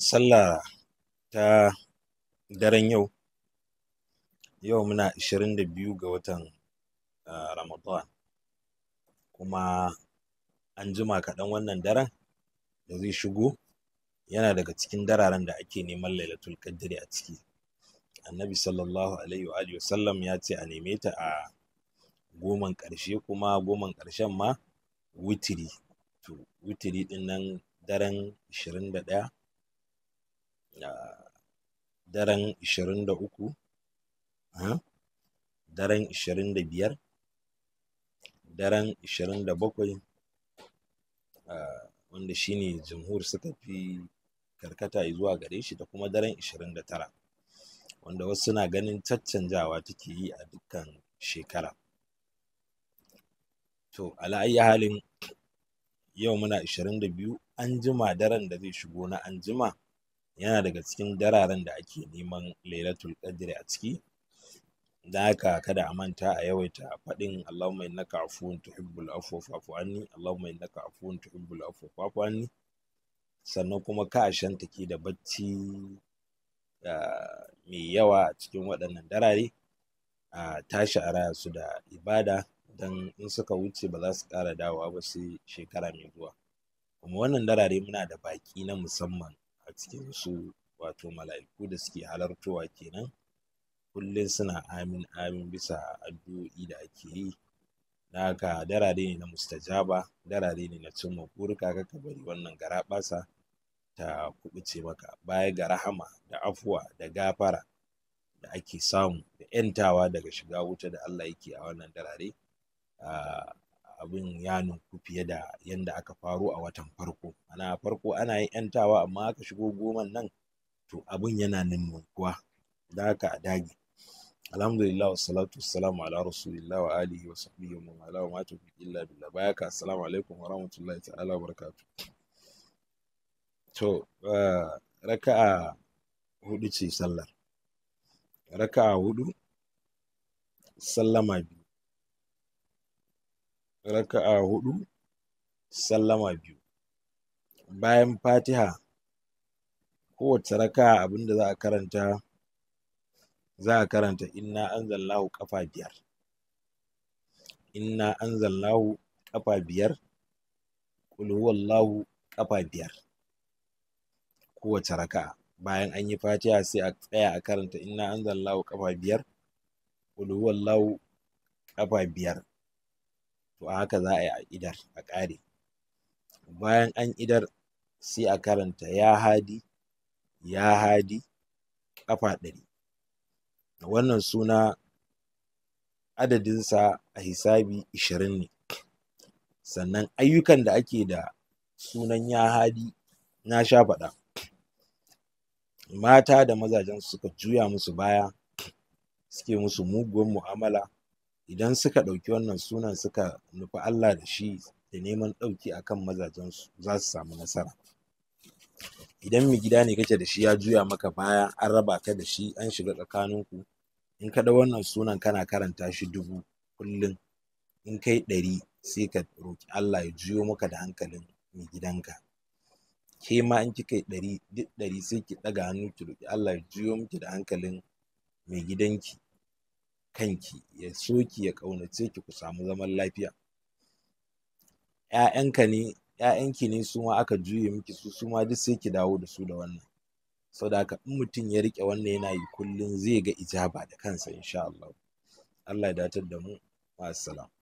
sallah ta daren yau yau muna 22 ga watan ramadan kuma an jima kaɗan wannan daren da zai shigo yana daga cikin dararen da ake neman lailatul qadri a ciki annabi sallallahu alaihi wa alihi wasallam ya ce a neme ta a goman ƙarshe kuma goman ƙarshen ma witiri to witiri ɗin nan daren 21 daren ishirin da uku daren ishirin da biyar daren ishirin da bakwai wanda shine jamhur suka fi karkata zuwa gare shi da kuma daren ishirin da tara wanda wasu suna ganin caccanjawa take yi a dukkan shekara to ala ayyi halin yau muna ishirin da biyu an jima daren da zai shigo na anjima yana daga cikin dararen da ake neman lailatul qadri a ciki dan haka kada a manta a yawaita faɗin Allahumma innaka afuwun tuhibbul afwa fa'fu anni Allahumma innaka afuwun tuhibbul afwa fa'fu anni sannan kuma ka shanta da bacci ah, mai yawa a cikin waɗannan darare a tashi a su da ibada don in suka wuce ba za su ƙara dawowa ba sai shekara mai zuwa kuma wannan darare muna da baƙi na musamman a cikin su wato mala'iku da suke halartowa kenan kullum suna amin amin bisa addu'o'i da ake yi na haka darare ne na mustajaba darare ne na cimma burka ka bari wannan garaɓasa ta kubuce maka baya ga rahama da afuwa da gafara da ake samu da ‘yantawa daga shiga wuta da Allah yake a wannan darare ah, abin ya ninku fiye da yadda aka faru a watan farko ana farko ana yin yantawa amma aka shigo goman nan to abin yana ninninkuwa da haka a dage alhamdulillah wassalatu wassalamu ala rasulillah wa alihi wa sahbihi wa man wala wa ma tawfiq illa billah bayaka assalamu alaikum wa rahmatullahi ta'ala wa barakatuh to ah, raka'a hudu ce sallar raka'a hudu sallama biyu raka'a huɗu sallama biyu bayan fatiha kowace raka'a abinda za a karanta za a karanta inna anzalnahu ƙafa biyar inna anzalnahu ƙafa biyar qul huwallahu ƙafa biyar kowace raka'a bayan an yi fatiha sai a tsaya a karanta inna anzalnahu ƙafa biyar qul huwallahu ƙafa biyar to haka za a yi a idar a ƙare bayan an idar sai a karanta ya hadi ya hadi ƙafa ɗari wannan suna adadinsa a hisabi ishirin ne sannan ayyukan da ake da sunan ya hadi na sha faɗa mata da mazajen suka juya musu baya suke musu muguwar mu'amala idan suka ɗauki wannan sunan suka nufi Allah da shi da neman ɗauki akan mazajensu za su samu nasara idan mai gida ne kake da shi ya juya maka baya an raba ka da shi an shiga tsakaninku in ka wannan sunan kana karanta shi dubu kullum in kai ɗari sai ka roƙi Allah ya juyo maka da hankalin mai gidanka ke ma in kika yi ɗari duk ɗari sai ki ɗaga hannu ki roƙi Allah ya juyo miki da hankalin mai gidanki kanki ya so ki ya ƙaunace ki ku samu zaman lafiya ƴaƴanka ne ‘ya'yanki ne su ma aka juye miki su su ma duk sai ki dawo da su da wannan saboda haka in mutum ya rike wannan yana yi kullum zai ga ijaba da kansa insha Allah Allah ya datar da mu ma'assalam